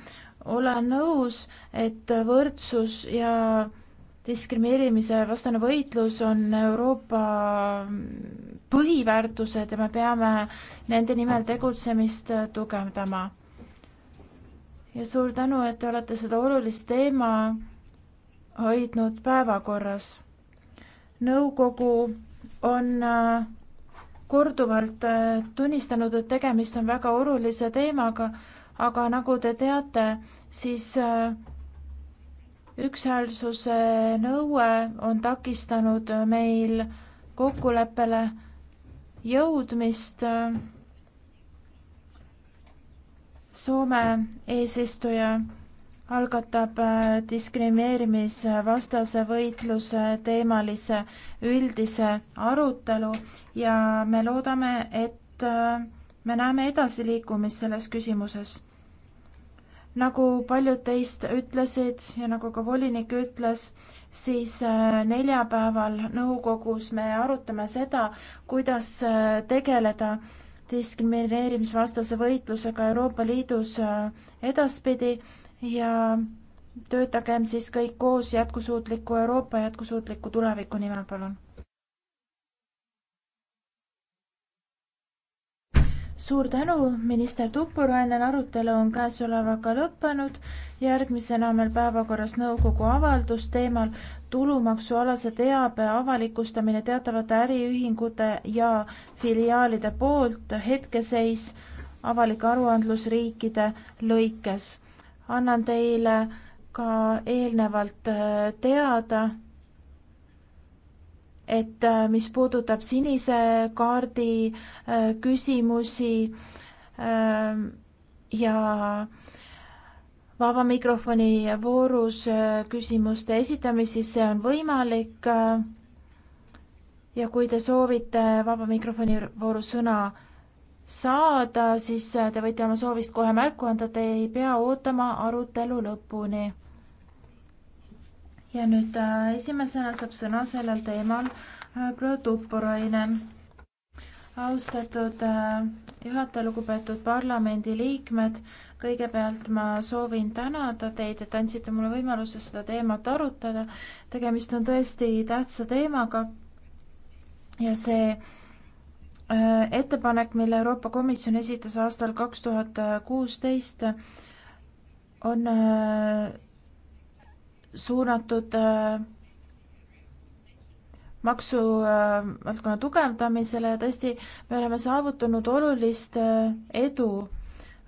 olen nõus, et võrdsus ja diskrimineerimise vastane võitlus on Euroopa põhiväärtused ja me peame nende nimel tegutsemist tugevdama ja suur tänu, et te olete seda olulist teema hoidnud päevakorras. nõukogu on äh, korduvalt äh, tunnistanud, et tegemist on väga olulise teemaga, aga nagu te teate, siis äh, ükshäälsuse nõue on takistanud meil kokkuleppele jõudmist Soome eesistuja algatab äh, diskrimineerimisvastase võitluse teemalise üldise arutelu ja me loodame, et äh, me näeme edasiliikumist selles küsimuses. nagu paljud teist ütlesid ja nagu ka volinik ütles, siis äh, neljapäeval nõukogus me arutame seda, kuidas tegeleda äh, diskrimineerimisvastase võitlusega Euroopa Liidus äh, edaspidi ja töötagem siis kõik koos jätkusuutliku Euroopa jätkusuutliku tuleviku nimel, palun. suur tänu, minister Tuppurainen, arutelu on käesolevaga lõppenud. järgmisena on meil päevakorras nõukogu avaldus teemal tulumaksualase teabe avalikustamine teatavate äriühingute ja filiaalide poolt, hetkeseis avalik aruandlus riikide lõikes. annan teile ka eelnevalt äh, teada, et äh, mis puudutab sinise kaardi äh, küsimusi ja vaba mikrofoni voorus äh, küsimuste esitamist, siis see on võimalik. Äh, ja kui te soovite vaba mikrofoni voorus sõna saada, siis äh, te võite oma soovist kohe märku anda, te ei pea ootama arutelu lõpuni. ja nüüd esimesena saab sõna sellel teemal proua Tuppurainen austatud äh, juhataja, lugupeetud parlamendiliikmed, kõigepealt ma soovin tänada teid, et andsite mulle võimaluse seda teemat arutada. tegemist on tõesti tähtsa teemaga ja see äh, ettepanek, mille Euroopa Komisjon esitas aastal kaks tuhat kuusteist, on äh, suunatud maksuvaldkonna äh, tugevdamisele ja tõesti, me oleme saavutanud olulist äh, edu.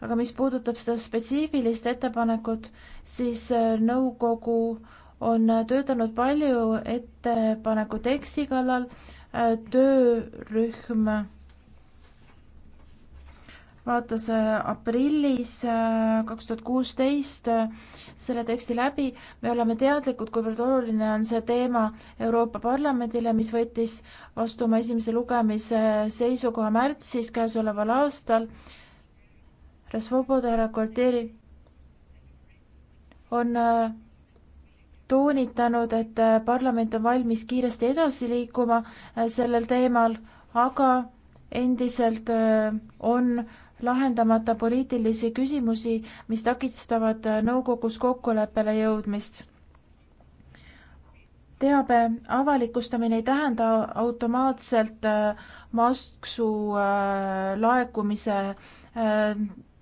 aga mis puudutab seda spetsiifilist ettepanekut, siis äh, nõukogu on töötanud palju ettepaneku teksti kallal, töörühm vaatas äh, aprillis äh, kaks tuhat kuusteist äh, selle teksti läbi. me oleme teadlikud, kuivõrd oluline on see teema Euroopa Parlamendile, mis võttis vastu oma esimese lugemise seisukoha märtsis käesoleval aastal. Resvoboda raporteeri on toonitanud, et parlament on valmis kiiresti edasi liikuma sellel teemal, aga endiselt on lahendamata poliitilisi küsimusi, mis takistavad nõukogus kokkuleppele jõudmist. teabe avalikustamine ei tähenda automaatselt äh, maksu äh, laekumise äh,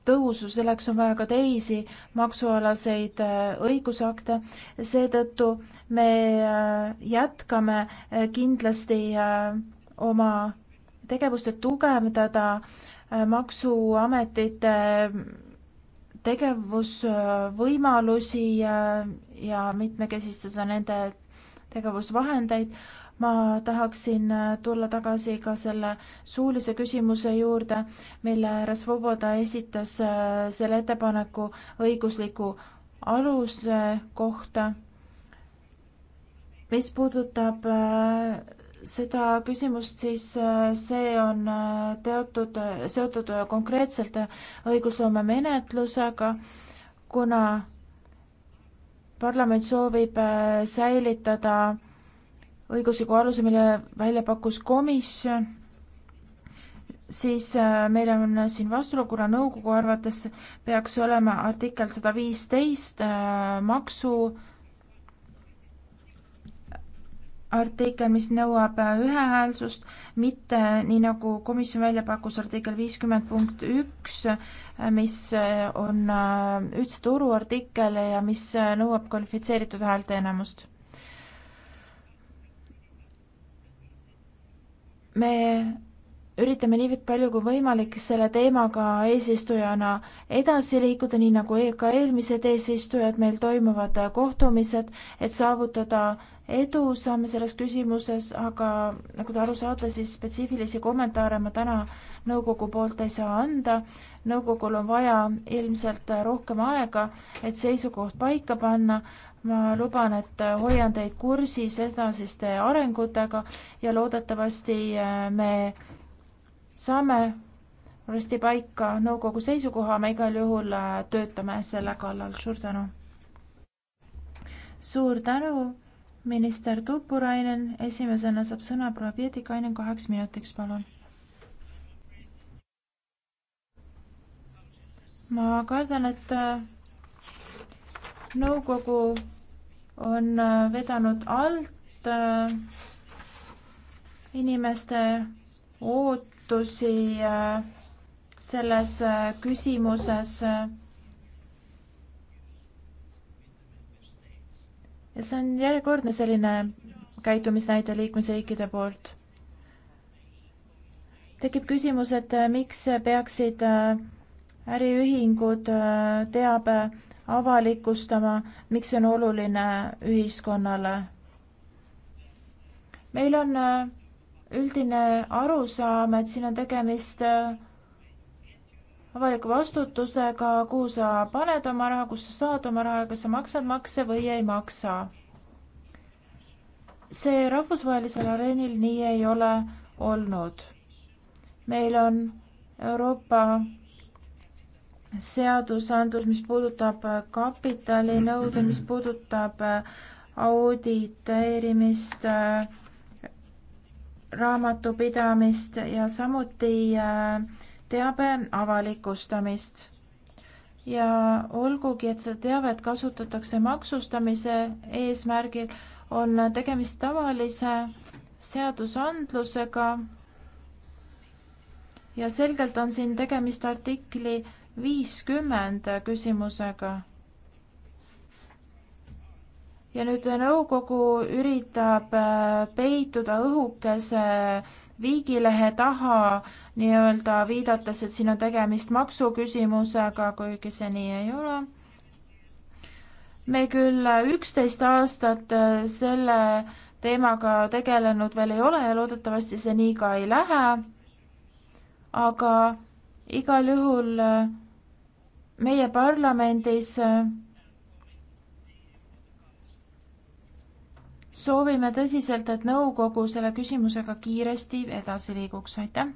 tõusu, selleks on vaja ka teisi maksualaseid õigusakte. seetõttu me jätkame kindlasti oma tegevust, et tugevdada äh, Äh, maksuametite äh, tegevusvõimalusi ja, äh, ja mitmekesistada nende tegevusvahendeid. ma tahaksin tulla tagasi ka selle suulise küsimuse juurde, mille härra Svoboda esitas selle ettepaneku õigusliku aluse kohta. mis puudutab seda küsimust, siis äh, see on äh, teatud, äh, seotud konkreetselt õigusloome menetlusega, kuna parlament soovib säilitada õigusliku aluse, mille välja pakkus komisjon, siis meil on siin vastuolu, kuna nõukogu arvates peaks olema artikkel sada viisteist maksu artikkel, mis nõuab äh, ühehäälsust, mitte äh, nii nagu komisjon välja pakkus, artikkel viiskümmend punkt üks, äh, mis on ühtse turu artikkel ja mis nõuab kvalifitseeritud häälteenamust. me üritame niivõrd palju kui võimalik selle teemaga eesistujana edasi liikuda, nii nagu e- ka eelmised eesistujad, meil toimuvad kohtumised, et saavutada edu, saame selles küsimuses, aga nagu te aru saate, siis spetsiifilisi kommentaare ma täna nõukogu poolt ei saa anda. nõukogul on vaja ilmselt rohkem aega, et seisukoht paika panna, ma luban, et hoian teid kursis edasiste arengutega ja loodetavasti me saame varsti paika nõukogu seisukoha, me igal juhul äh, töötame selle kallal, suur tänu. suur tänu, minister Tuppurainen, esimesena saab sõna proua Pietikainen kaheks minutiks, palun. ma kardan, et äh, nõukogu on äh, vedanud alt inimeste oot-, muudatusi äh, selles äh, küsimuses. Äh, ja see on järjekordne selline käitumisnäide liikmesriikide poolt. tekib küsimus, et miks peaksid äriühingud teabe avalikustama, miks see on oluline ühiskonnale? meil on üldine arusaam, et siin on tegemist äh, avaliku vastutusega, kuhu sa paned oma raha, kus sa saad oma raha, kas sa maksad makse või ei maksa. see rahvusvahelisel areenil nii ei ole olnud. meil on Euroopa seadusandlus, mis puudutab äh, kapitalinõude, mis puudutab äh, auditeerimist äh,, raamatupidamist ja samuti äh, teabe avalikustamist. ja olgugi, et seda teavet kasutatakse maksustamise eesmärgil, on tegemist tavalise seadusandlusega ja selgelt on siin tegemist artikli viiskümmend küsimusega ja nüüd nõukogu üritab äh, peituda õhukese viigilehe taha nii-öelda viidates, et siin on tegemist maksuküsimusega, kuigi see nii ei ole. me küll üksteist aastat äh, selle teemaga tegelenud veel ei ole ja loodetavasti see nii ka ei lähe. aga igal juhul äh, meie parlamendis soovime tõsiselt, et nõukogu selle küsimusega kiiresti edasi liiguks, aitäh.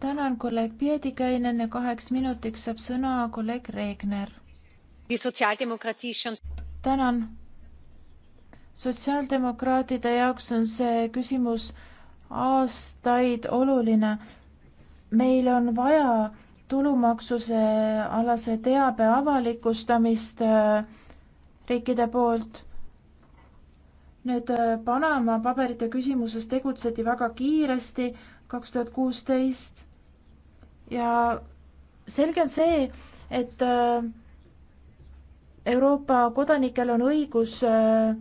tänan kolleeg Piedikäinen ja kaheks minutiks saab sõna kolleeg Reegner. tänan sotsiaaldemokraatide jaoks on see küsimus aastaid oluline. meil on vaja tulumaksuse alase teabe avalikustamist äh, riikide poolt nüüd äh, Panama paberite küsimuses tegutseti väga kiiresti, kaks tuhat kuusteist ja selge on see, et äh, Euroopa kodanikel on õigus äh,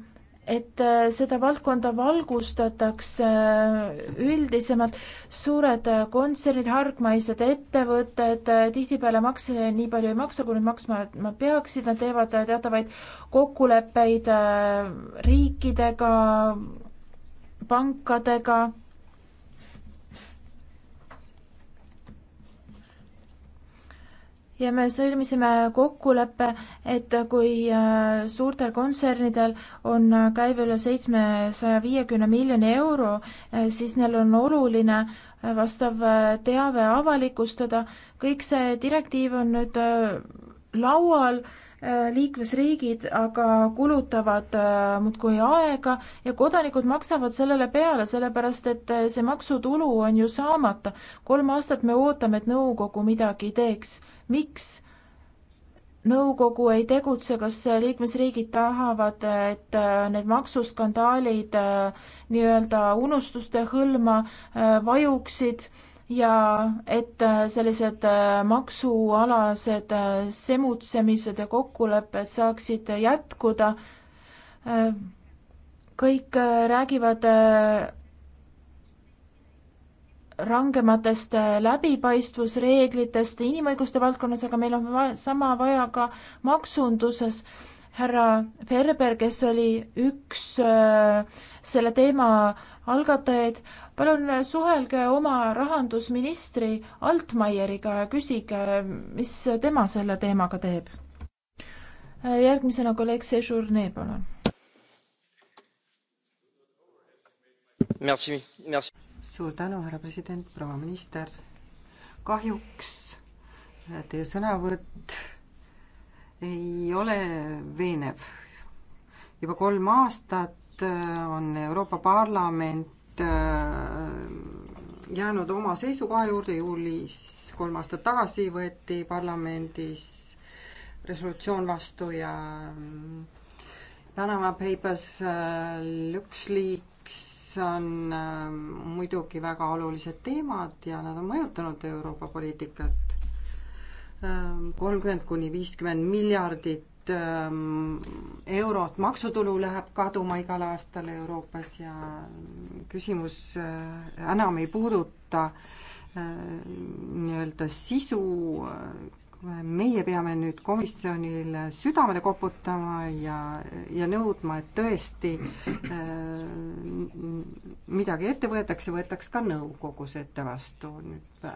et äh, seda valdkonda valgustatakse äh, üldisemalt. suured äh, kontsernid, hargmaised ettevõtted tihtipeale makse nii palju ei maksa, kui nad maksma ma peaksid, nad teevad teatavaid kokkuleppeid riikidega, pankadega ja me sõlmisime kokkuleppe, et kui äh, suurtel kontsernidel on äh, käive üle seitsmesaja viiekümne miljoni euro, äh, siis neil on oluline vastav teave avalikustada. kõik see direktiiv on nüüd laual Äh, liikmesriigid aga kulutavad äh, muudkui aega ja kodanikud maksavad sellele peale, sellepärast et äh, see maksutulu on ju saamata. kolm aastat me ootame, et nõukogu midagi teeks. miks? nõukogu ei tegutse, kas liikmesriigid tahavad, et need maksuskandaalid nii-öelda unustuste hõlma vajuksid äh, ja et äh, sellised äh, maksualased äh, semutsemised ja kokkulepped saaksid jätkuda. kõik räägivad rangematest läbipaistvusreeglitest inimõiguste valdkonnas, aga meil on vaja, sama vaja ka maksunduses. härra Ferber, kes oli üks äh, selle teema algatajaid, palun suhelge oma rahandusministri Altmaieriga ja küsige, mis tema selle teemaga teeb. järgmisena kolleeg Sejourne, palun. suur tänu, härra president, proua minister. kahjuks teie sõnavõtt ei ole veenev. juba kolm aastat on Euroopa Parlament Äh, jäänud oma seisukoha juurde, juulis kolm aastat tagasi võeti parlamendis resolutsioon vastu ja mm, Panama Papers, äh, LuxLeaks on äh, muidugi väga olulised teemad ja nad on mõjutanud Euroopa poliitikat. kolmkümmend kuni viiskümmend miljardit Ähm, eurot maksutulu läheb kaduma igal aastal Euroopas ja ähm, küsimus äh, enam ei puuduta äh, nii-öelda sisu, äh, meie peame nüüd komisjonile südamele koputama ja, ja nõudma, et tõesti midagi ette võetakse, võetaks ka nõukogus ette vastu. nüüd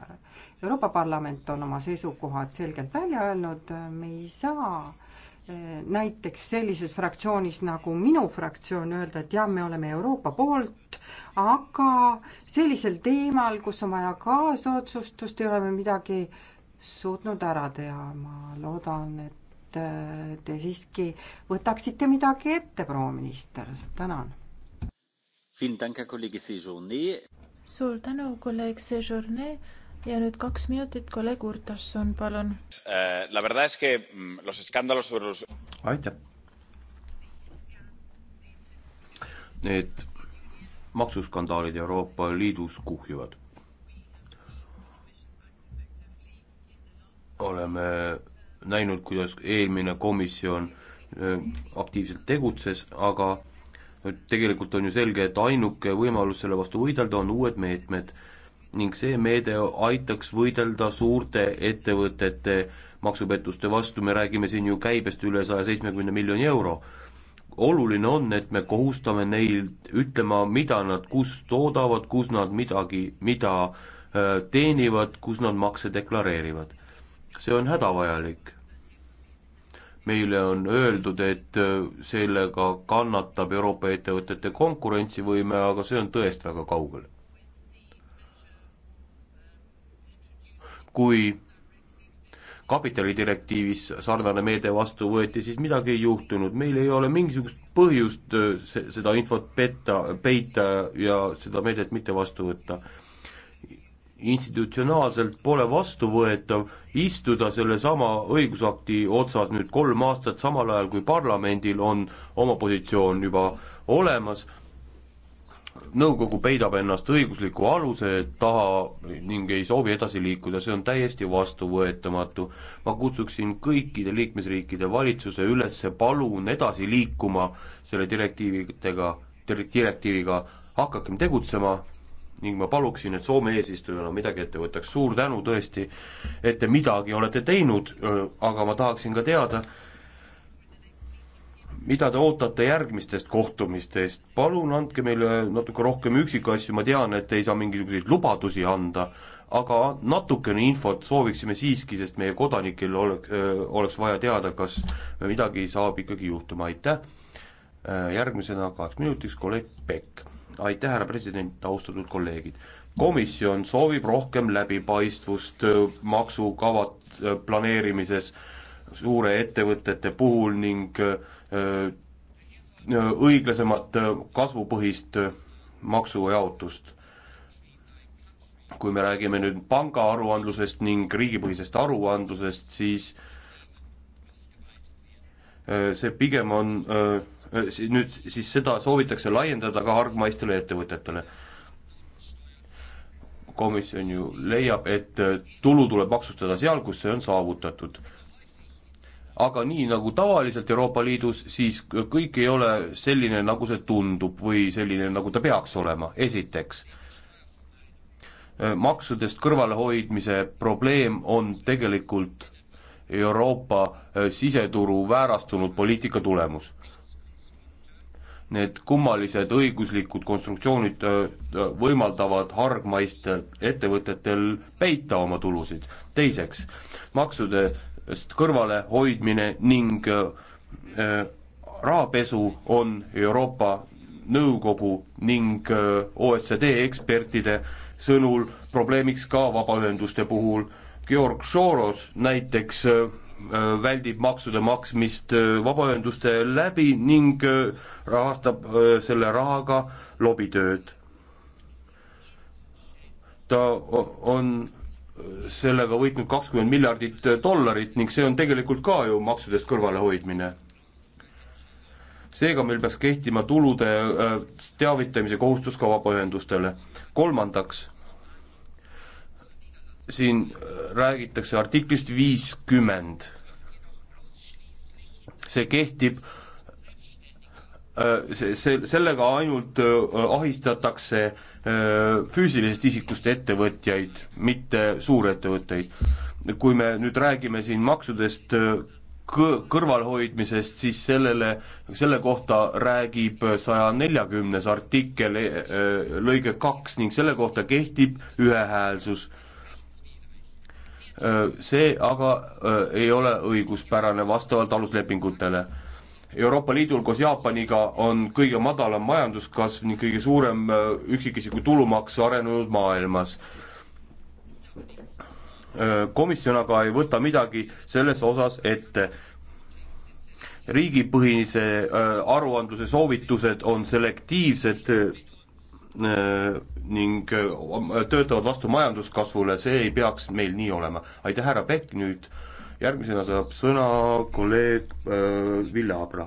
Euroopa Parlament on oma seisukohad selgelt välja öelnud, me ei saa äh, näiteks sellises fraktsioonis nagu minu fraktsioon öelda, et jah, me oleme Euroopa poolt, aga sellisel teemal, kus on vaja kaasotsustust, ei ole me midagi suutnud ära teha. ma loodan, et äh, te siiski võtaksite midagi ette, proua minister, tänan. suur tänu, kolleeg Sejourne ja nüüd kaks minutit, kolleeg Urtasson, palun. Äh, mm, aitäh. Need maksuskandaalid Euroopa Liidus kuhjuvad. oleme näinud, kuidas eelmine komisjon äh, aktiivselt tegutses, aga tegelikult on ju selge, et ainuke võimalus selle vastu võidelda on uued meetmed ning see meede aitaks võidelda suurte ettevõtete maksupettuste vastu, me räägime siin ju käibest üle saja seitsmekümne miljoni euro. oluline on, et me kohustame neilt ütlema, mida nad kus toodavad, kus nad midagi, mida äh, teenivad, kus nad makse deklareerivad. see on hädavajalik. meile on öeldud, et äh, sellega kannatab Euroopa ettevõtete konkurentsivõime, aga see on tõest väga kaugel kui kapitalidirektiivis sarnane meede vastu võeti, siis midagi ei juhtunud, meil ei ole mingisugust põhjust äh, seda infot petta, peita ja seda meedet mitte vastu võtta. institutsionaalselt pole vastuvõetav istuda sellesama õigusakti otsas nüüd kolm aastat, samal ajal kui parlamendil on oma positsioon juba olemas nõukogu peidab ennast õigusliku aluse taha ning ei soovi edasi liikuda, see on täiesti vastuvõetamatu. ma kutsuksin kõikide liikmesriikide valitsuse üles, palun edasi liikuma selle direktiividega, direktiiviga, hakakem tegutsema ning ma paluksin, et Soome eesistujana midagi ette võtaks, suur tänu tõesti, et te midagi olete teinud, aga ma tahaksin ka teada, mida te ootate järgmistest kohtumistest, palun andke meile natuke rohkem üksikasju, ma tean, et te ei saa mingisuguseid lubadusi anda, aga natukene infot sooviksime siiski, sest meie kodanikel oleks, oleks vaja teada, kas midagi saab ikkagi juhtuma, aitäh. järgmisena kaheks minutiks kolleeg Pekk. aitäh, härra president, austatud kolleegid. komisjon soovib rohkem läbipaistvust maksukavat planeerimises suure ettevõtete puhul ning äh, õiglasemat kasvupõhist maksujaotust. kui me räägime nüüd panga aruandlusest ning riigipõhisest aruandlusest, siis see pigem on, nüüd siis seda soovitakse laiendada ka hargmaistele ettevõtetele. komisjon ju leiab, et tulu tuleb maksustada seal, kus see on saavutatud aga nii nagu tavaliselt Euroopa Liidus, siis kõik ei ole selline, nagu see tundub või selline, nagu ta peaks olema, esiteks. maksudest kõrvalehoidmise probleem on tegelikult Euroopa eh, siseturu väärastunud poliitika tulemus. Need kummalised õiguslikud konstruktsioonid eh, eh, võimaldavad hargmaistel ettevõtetel peita oma tulusid. teiseks, maksude kõrvalehoidmine ning äh, äh, rahapesu on Euroopa Nõukogu ning äh, OECD ekspertide sõnul probleemiks ka vabaühenduste puhul. Georg Soros näiteks väldib maksude maksmist vabaühenduste läbi ning rahastab selle rahaga lobitööd. ta on sellega võitnud kakskümmend miljardit dollarit ning see on tegelikult ka ju maksudest kõrvalehoidmine. seega meil peaks kehtima tulude äh, teavitamise kohustus ka vabaühendustele. kolmandaks, siin äh, räägitakse artiklist viiskümmend. see kehtib äh, Äh, see, see, sellega ainult äh, ahistatakse äh, füüsilisest isikust ettevõtjaid, mitte suurettevõtteid. kui me nüüd räägime siin maksudest kõ-, kõrvalhoidmisest, siis sellele, selle kohta räägib saja neljakümnes artikkel lõige kaks ning selle kohta kehtib ühehäälsus see aga ei ole õiguspärane vastavalt aluslepingutele. Euroopa Liidul koos Jaapaniga on kõige madalam majanduskasv ning kõige suurem äh, üksikisiku tulumaks arenenud maailmas. Äh, komisjon aga ei võta midagi selles osas ette riigipõhise äh, aruandluse soovitused on selektiivsed ning töötavad vastu majanduskasvule, see ei peaks meil nii olema. aitäh, härra Pekk, nüüd järgmisena saab sõna kolleeg äh, Ville Abra.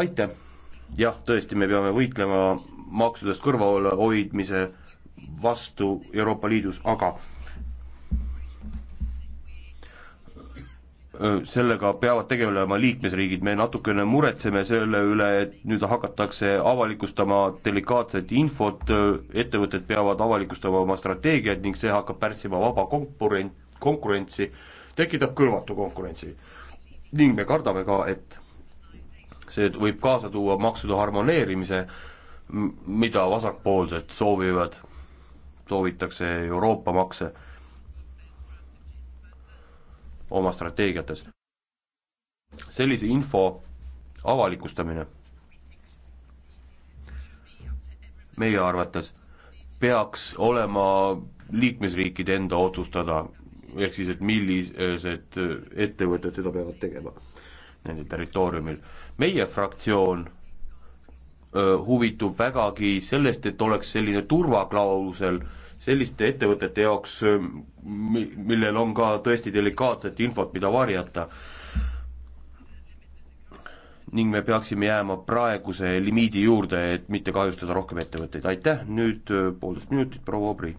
aitäh, jah, tõesti, me peame võitlema maksudest kõrvalehoidmise vastu Euroopa Liidus, aga äh, sellega peavad tegelema liikmesriigid, me natukene muretseme selle üle, et nüüd hakatakse avalikustama delikaatset infot, ettevõtted peavad avalikustama oma strateegiaid ning see hakkab pärssima vaba konkurent-, konkurentsi, tekitab kõlvatu konkurentsi. ning me kardame ka, et see võib kaasa tuua maksude harmoneerimise, mida vasakpoolsed soovivad, soovitakse Euroopa makse oma strateegiates. sellise info avalikustamine meie arvates peaks olema liikmesriikide enda otsustada, ehk siis, et millised äh, ettevõtted seda peavad tegema nende territooriumil. meie fraktsioon öö, äh, huvitub vägagi sellest, et oleks selline turvaklausel selliste ettevõtete jaoks, äh, millel on ka tõesti delikaatset infot, mida varjata. ning me peaksime jääma praeguse limiidi juurde, et mitte kahjustada rohkem ettevõtteid, aitäh, nüüd poolteist minutit, proua Obri.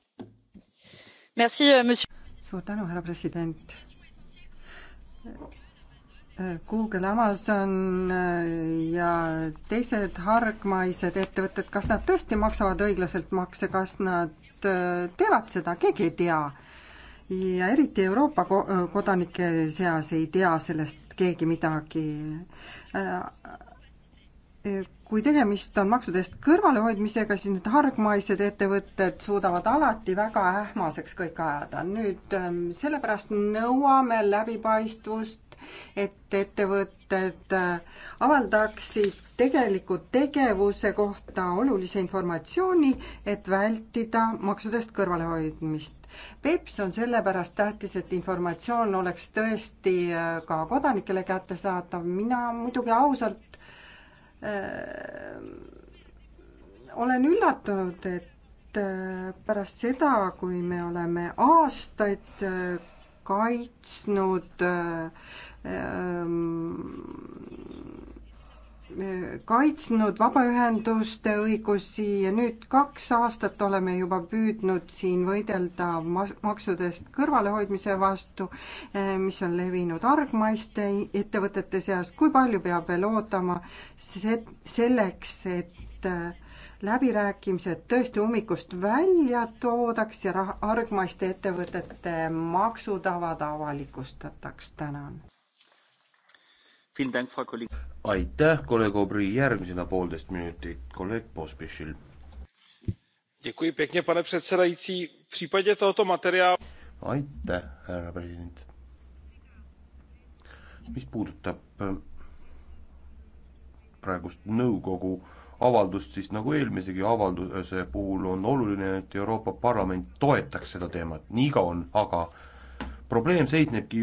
Merci, monsieur suur tänu, härra president. Google, Amazon äh, ja teised hargmaised ettevõtted, kas nad tõesti maksavad õiglaselt makse, kas nad äh, teevad seda, keegi ei tea. ja eriti Euroopa kodanike seas ei tea sellest keegi midagi äh, kui tegemist on maksudest kõrvalehoidmisega, siis need hargmaised ettevõtted suudavad alati väga ähmaseks kõik ajada. nüüd ähm, sellepärast nõuame läbipaistvust, et ettevõtted äh, avaldaksid tegeliku tegevuse kohta olulise informatsiooni, et vältida maksudest kõrvalehoidmist. PEPS on sellepärast tähtis, et informatsioon oleks tõesti äh, ka kodanikele kättesaadav, mina muidugi ausalt Äh, olen üllatunud, et äh, pärast seda, kui me oleme aastaid äh, kaitsnud ähm, kaitsnud vabaühenduste õigusi ja nüüd kaks aastat oleme juba püüdnud siin võidelda maksudest kõrvalehoidmise vastu, eh, mis on levinud argmaiste ettevõtete seas. kui palju peab veel ootama see, selleks, et eh, läbirääkimised tõesti ummikust välja toodaks ja argmaiste ettevõtete maksutavad avalikustataks? tänan aitäh, kolleeg Aubry, järgmisena poolteist minutit, kolleeg Pospišil. aitäh, härra president. mis puudutab ähm, praegust nõukogu avaldust, siis nagu eelmisegi avalduse puhul on oluline, et Euroopa Parlament toetaks seda teemat, nii ka on, aga probleem seisnebki ju